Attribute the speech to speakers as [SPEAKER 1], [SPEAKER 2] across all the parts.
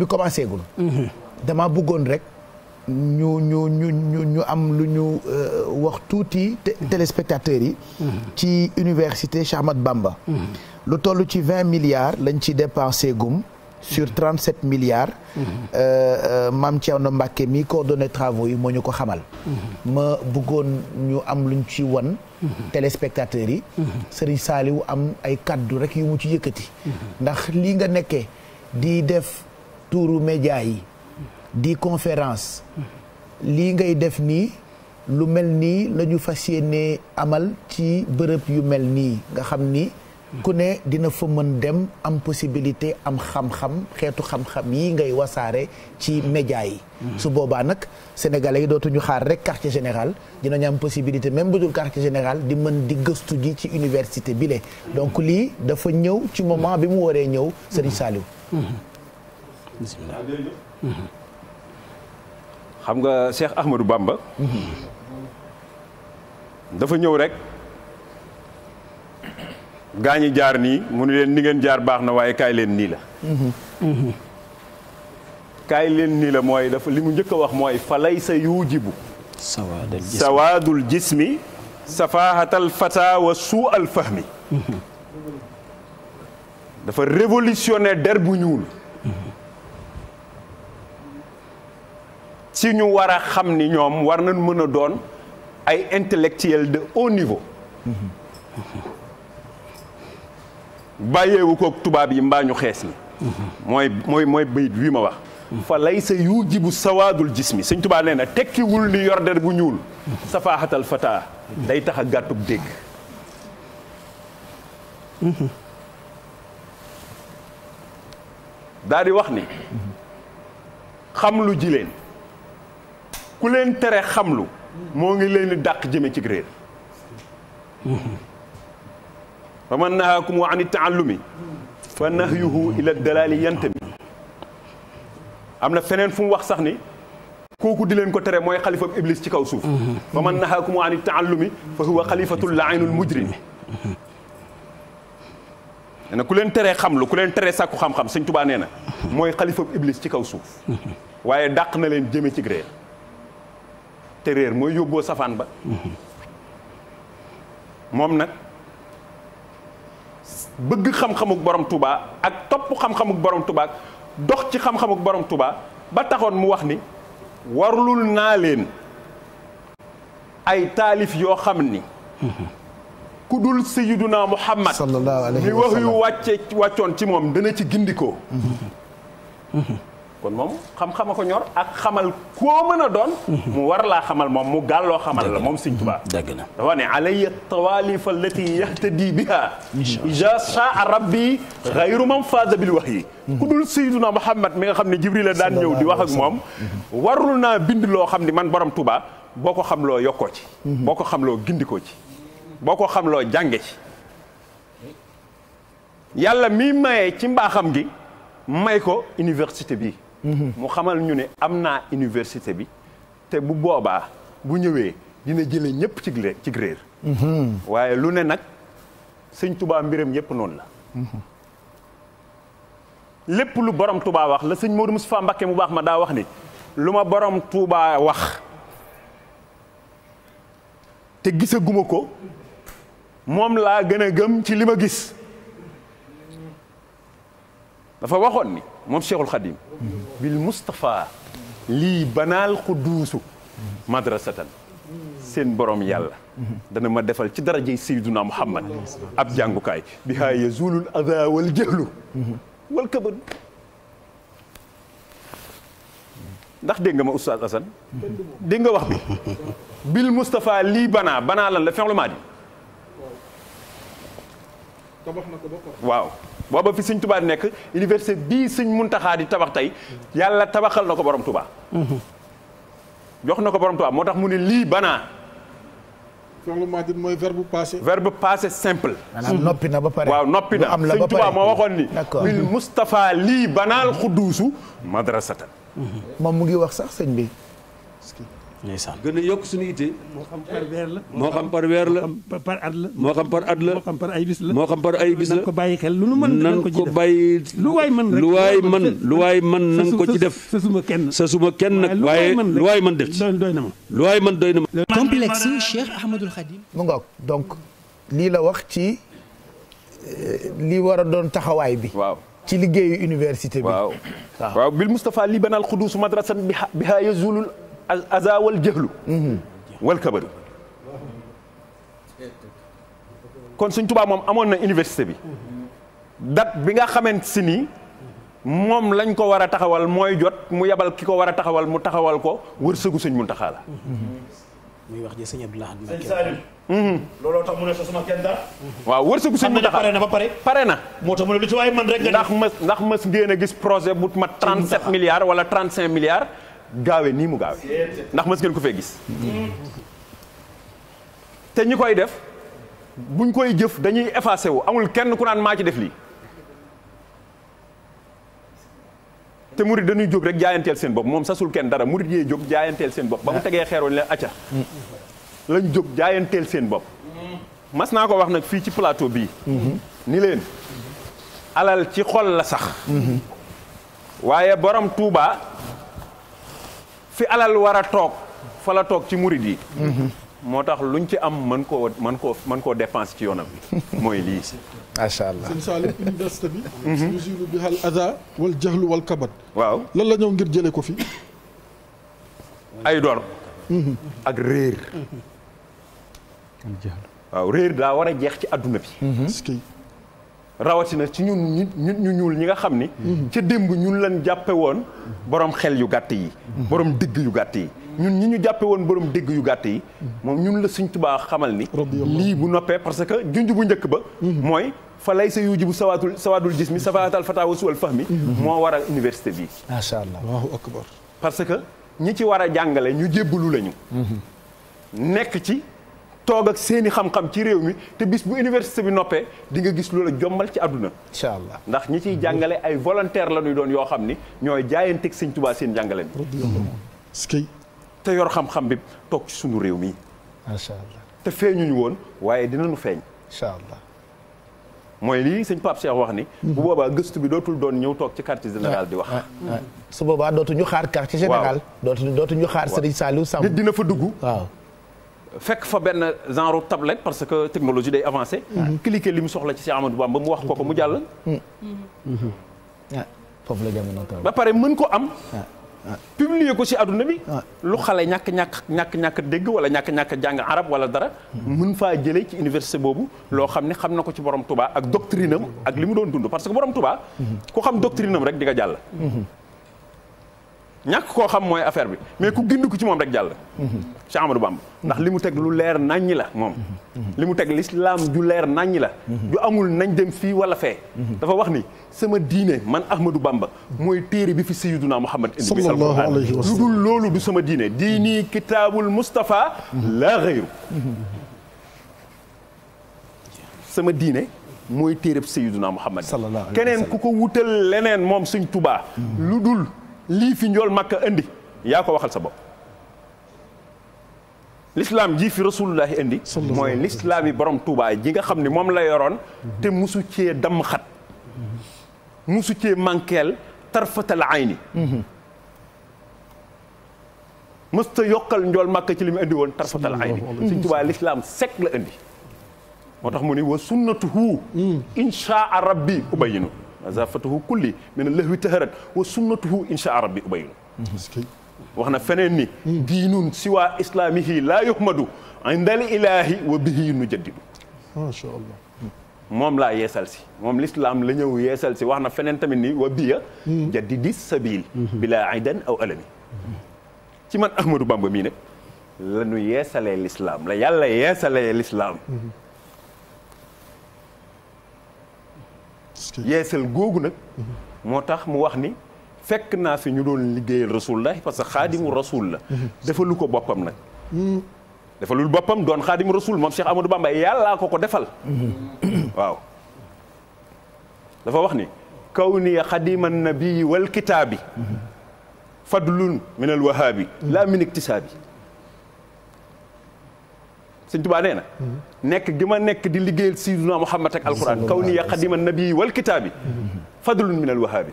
[SPEAKER 1] bi commencé gul. Mhm. dama bëggoon rek ñu ñu ñu ñu ñu am lu ñu euh, wax tuuti mhm. téléspectateurs yi. Mhm. ci université Cheikh Ahmadou Bamba. lu toll ci vingt milliards lañ ci dépensé gum. sur trente sept milliards. Euh, euh, maam Thierno Mbacke mi coordonné travaux yi moo ñu ko xamal. ma bëggoon ñu am luñ ci wan. téléspectateurs yi. Serigne Saliou am ay kaddu rek yu mu ci yëkkati. ndax lii nga nekkee di def. tuuru média yi di conférence lii ngay def nii lu mel nii la ñu fas yéene amal ci bërëb yu mel nii nga xam ni ku ne dina fa mën dem am possibilité am xam-xam xeetu xam-xam yi ngay wasaare ci média yi su boobaa nag sénégalais yi dootuñu xaar rek quartier général dinañu am possibilité même bu dul général di mën di gëstu ji ci université bi donc lii dafa ñëw ci moment bi mu waree ñëw Serigne Saliou
[SPEAKER 2] bisimilah mmh. xam nga Cheikh Ahmadou Bamba. Mmh. dafa ñëw rek gaañi jaar nii mu ne leen ni ngeen jaar baax na waaye kaay leen nii la.
[SPEAKER 1] Mmh.
[SPEAKER 2] kaay leen nii la mooy dafa li mu njëkk a wax mooy falay sa yuujibu. sawaadul jismi sawaadul jismi safaahatal fataa wa suu al fahmi. dafa révolutionnaire der bu ñuul. ci ñu war a xam ni ñoom war nañ mën a doon ay intellectuel de haut niveau bàyyeewu koog tubaab yi mbaa xees ni mooy mooy mooy bayit wi ma wax fa laysa yujibu sawaadul jismi sëñ tubaa nee na tekkiwul ni yor der bu ñuul safaaxatal fataa day tax a gàttub dégg daal di wax ni xam lu ji ku leen tere xamlu moo ngi leen di dàq jëme ci réer fa man nahaakum an taallumi fa nahyuhu ila dalaali yantami am na feneen fu mu wax sax ni kooku di leen ko tere mooy xalifab iblis ci kaw suuf fa man nahaakum an taallumi fa huwa xalifatul laanul mujrim nee na ku leen teree xamlu ku leen teree sàkku xam-xam sëñ tubaa nee na mooy xalifab iblis ci kaw suuf waaye dàq na leen jëme ci réer te réer mooy yóbboo safaan ba moom nag bëgg xam-xamuk borom tubaa ak topp xam-xamuk borom tubaa dox ci xam-xamuk tubaa ba taxoon mu wax ni warlul naa leen ay taalif yoo xam ni ku dul sayiduna muhammad
[SPEAKER 1] sallallahu alayhi wa mi wax
[SPEAKER 2] wàcce wàccoon ci moom dana ci gindikoo kon moom xam-xama ko ñor ak xamal koo mën a doon mhm. mu war laa xamal moom mu gàlloo xamal la moom siñ Tuubaa dëgg na dafa ne alaya tawalif allati yahtadi biha ija saa rabbi xayru man faada bil wahyi mhm. ku dul sayyiduna Muhammad mi nga xam ne Jibril la daan ñëw di wax moom mhm. warul naa bind loo xam ni man borom Tuubaa boo ko xam loo yokkoo ci boo ko xam loo gindikoo ci boo ko xam loo jànge ci yàlla mi maye ci mbaaxam gi may ko université bi mu xamal ñu ne am naa université bi te bu boobaa bu ñëwee dina jële ñëpp ci ci réer waaye lu ne nag sëñ tubaa mbiram yëpp noonu la lépp lu borom tubaa wax la sëñ Modou Moustapha Mbacké mu baax ma daa wax ni lu ma borom tuubaa wax te gisaguma ko moom laa gën a gëm ci li ma gis dafa waxoon ni moom Cheikhul Khadim bil Moustapha lii banaal xudduusu madrasatan seen borom yàlla dana ma defal ci darajey sayduna muhammad ab jàngukaay bihaa yazulul ada wal jëhlu wal kabad ndax dégg nga ma oustaz Assane dégg nga wax bi bil Moustapha lii banaa banaa lan la fenlu maa di tabax na ko ba waaw booba fi sëñ Touba nekk université bii sëñ taxaa di tabax tey yàlla tabaxal na ko boroom tubaa mm-hmm. jox na ko borom Touba moo tax mu ne lii banaa. loolu maa mooy verbe passé. verbe simple. noppi na ba pare. waaw noppi na sëñ Touba moo waxoon ni. d'accord bil Moustapha mm-hmm. lii banaal xudduusu madrasatan.
[SPEAKER 1] Mm-hmm. moom mu ngi wax sax sëñ bi. ndeysaan gën a
[SPEAKER 2] yokk suñu ittee. moo xam par weer la. moo xam par weer la. moo xam par at la. moo xam par at la. moo xam par ay bis la. moo xam par ay bis la nan ko bàyyi xel lu nu mën nan ko bàyyi. lu waay mën rek lu waay mën lu waay mën nan ko ci def. sa suma kenn sa suma kenn nag. waaye lu waay mën def ci doy na ma. lu waay mën doy na ma. complexe
[SPEAKER 1] Cheikh Ahmadul Khadim. mu ngoog donc lii la wax ci eh, li war a doon taxawaay bi. waaw. ci liggéeyu université bi. waaw waaw bil
[SPEAKER 2] Moustapha li banal xuduus madrasan biha yazulul aza wal jëlu mhm. wal kabaru kon suñ tubaab moom amoon na université bi date bi nga xamante si nii moom lañ ko war a taxawal mooy jot mu yebal ki ko war a taxawal mu taxawal ko wërsëgu suñ Muntaxa la
[SPEAKER 1] mhm. muy wax ji sëñ Abdou Lahad Mbacké
[SPEAKER 2] mhm. looloo tax mu ne sa sama kenn dara waaw wërsëgu sëñ Muntaxa pare na ba pare pare na moo tax mu ne lu ci waaye man rek ndax mës ndax mës ngeen gis projet bu mat 37 milliards wala 35 milliards gaawe nii mu gaawee ndax mës ngeen ko fee gis te ñi koy def buñ koy jëf dañuy effacé wu amul kenn ku naan maa ci def lii te murid dañuy jóg rek jaayanteel seen bopp moom sasul kenn dara murid yee jóg jaayanteel seen bopp ba mu ah. tegee xeeroon leen acca lañ jóg jaayanteel seen bopp mas naa ko wax nag fii ci plateau bii ni leen alal ci xol la sax mhm. waaye borom Touba. fi alal war a toog fa la toog ci murid yi moo tax luñ ci am man koo man koo mën koo dépense ci yoonam mooy lii
[SPEAKER 1] macha allah sëñ bi mhm. usilu bi hal
[SPEAKER 2] ada wal jahlu wal kabat waaw
[SPEAKER 1] lan la ñëw ngir jële ko fi ay dor mhm.
[SPEAKER 2] ak réer waaw réer daa war a jeex ci àdduna bi mhm. rawatina ci ñun ñu ñu ñuul ñi nga xam ni. Mhm. ca démb ñun lañ jàppe woon borom xel yu gàtt yi. Mhm. borom digg yu gàtt yi. ñun ñi ñu jàppe woon borom dégg yu gàtt yi mhm. moom ñun la suñ tubaa xamal ni lii bu noppee parce que junj bu njëkk ba mooy fa lay sa yuji bu sawaatul sawaadul gis mi safaatal fataawa suwal fahmi moo war a université bi
[SPEAKER 1] macha allah allahu akbar
[SPEAKER 2] parce que ñi ci war a jàngale ñu jébbalu lañu nekk ci toog ak seeni xam-xam ci réew mi te bis bu université bi noppee di nga gis loola jombal ci àdduna incha allah ndax ñi ciy jàngale ay volontaire la ñuy doon yoo xam ni ñooy jaayanteeg sëñ Tuubaa seen jàngale
[SPEAKER 1] bi
[SPEAKER 2] te yor xam-xam bi toog ci sunu réew mi macha allah te feeñuñu woon waaye dina dinañu feeñ incha allah mooy lii sëñ Pape Cheikh wax ni. bu boobaa gëstu bi dootul doon ñëw toog ci quartier général di wax. Ah,
[SPEAKER 1] ah, ah. su boobaa dootuñu xaar quartier général. dootuñu dootuñu xaar sa Serigne Saliou Samb. nit dina fa dugg. waaw
[SPEAKER 2] fekk fa benn genre tablette parce que technologie day avancé. Mhm. cliquer li mu soxla ci si Amadou Bamba mu wax ko ko mu jàll. Mhm. Mhm. Ah, foofu la jamono toll. ba pare mën ko am.
[SPEAKER 1] Ah, ah.
[SPEAKER 2] publier ko si adduna bi. lu xale ñàkk ñàkk ñàkk ñàkk dégg wala ñàkk ñàkk jàng arab wala dara. mën faa jëlee ci université boobu loo xam ne xam na ko ci borom tubaa ak doctrine ak li mu doon dund parce que borom tubaa ku xam doctrine am rek di nga jàll. ñàkk koo xam mooy affaire bi mais ku gind ko ci moom rek jàll Cheikh Amadou Bamba ndax li mu teg lu leer nàññi la moom li mu teg lislaam ju leer nàññi la ju amul nañ dem fii wala fee dafa wax ni sama diine man Ahmadou Bamba mooy téere bi fi sayyiduna Muhammad indi bi sallallahu alayhi wa sallam lu dul loolu du sama diine diini kitaabul Mustafa laa xëyru sama diine mooy téere bi sayyiduna Muhammad keneen ku ko wutal leneen moom suñ Tuubaa lu dul lii fi njool màkka indi yaa ko waxal sa bopp l'islam ji fi rasulullahi indi mooy l'islam yi borom Touba ji nga xam ni moom la yoroon te musu cee damm xat musu cee manqueel tarfatal ayni mësta yokkal njool màkk ci li mu indi woon tarfatal ayni suñ Touba l'islam sec la indi moo tax mu ni wa sunnatuhu mm. inshaa rabbi ubayinu nazafatuhu kulli min lahwi taharat wa sunnatuhu insha rabbi ubayinu wax na feneen ni diinun siwa islaamihi laa yuhmadu indal ilaahi wa bihi nu
[SPEAKER 1] jaddidu
[SPEAKER 2] moom laa yeesal si moom lislaam la ñëw yeesal si wax na feneen tamit ni wa biya jaddidi sabil bila idan aw alami ci man Ahmadou Bamba mii nag la ñu yeesalee lislaam la yàlla yeesalee lislaam yeesal googu nag moo tax mu wax ni fekk naa fi ñu doon liggéeyal rasulullah parce que xaadimu rasul la dafa ko boppam nag dafa boppam doon xaadimu rasul moom Cheikh Amadou Bamba yàllaa ko ko defal waaw dafa wax ni kaw ni xadiman nabii wal kitaabi fadlun min al wahaabi laa min iktisaabi sëñ Tuubaa nee na nekk gi ma nekk di liggéey Sayyidina Muhammad ak alquran kaw ni ya xadima nabii wal kitaabi fadlun min alwahaabi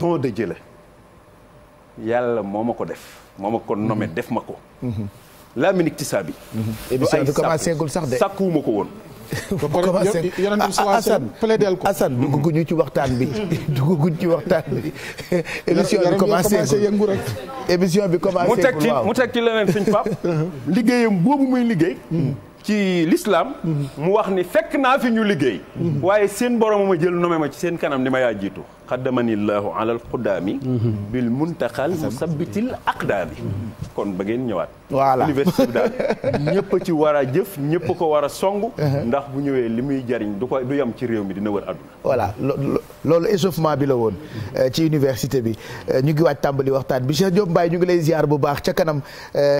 [SPEAKER 2] don de jëla yàlla moo ma ko def moo ma ko nommé def ma ko mm-hmm. laa min iktisaabi mm-hmm. émission bi commencé gul sax ko woon ba commencé ah, Assane
[SPEAKER 1] Assane dugguñu ci waxtaan bi dugguñu ci waxtaan bi émission bi commencé yëngu rek émission bi commencé mu teg ci mu teg ci leneen suñ pap
[SPEAKER 2] liggéeyam boobu muy liggéey hmm. ci lislaam mu wax ni fekk naa fi ñu liggéey waaye seen borom ma jël nommé ma ci seen kanam ni ma yaa jiitu xaddamani llahu ala alqudaami bil muntaqal musabbitil aqdaami kon ba ngeen ñëwaat
[SPEAKER 1] voilà université
[SPEAKER 2] bi daal ñëpp ci war a jëf ñëpp ko war a song uh-huh. ndax bu ñëwee li muy jariñ du du yam ci réew mi dina wër àdduna
[SPEAKER 1] voilà loolu échauffement bi la woon euh, ci université bi euh, ñu ngi waaj tàmbali waxtaan bi Cheikh Diop ñu ngi lay ziar bu baax ca kanam euh,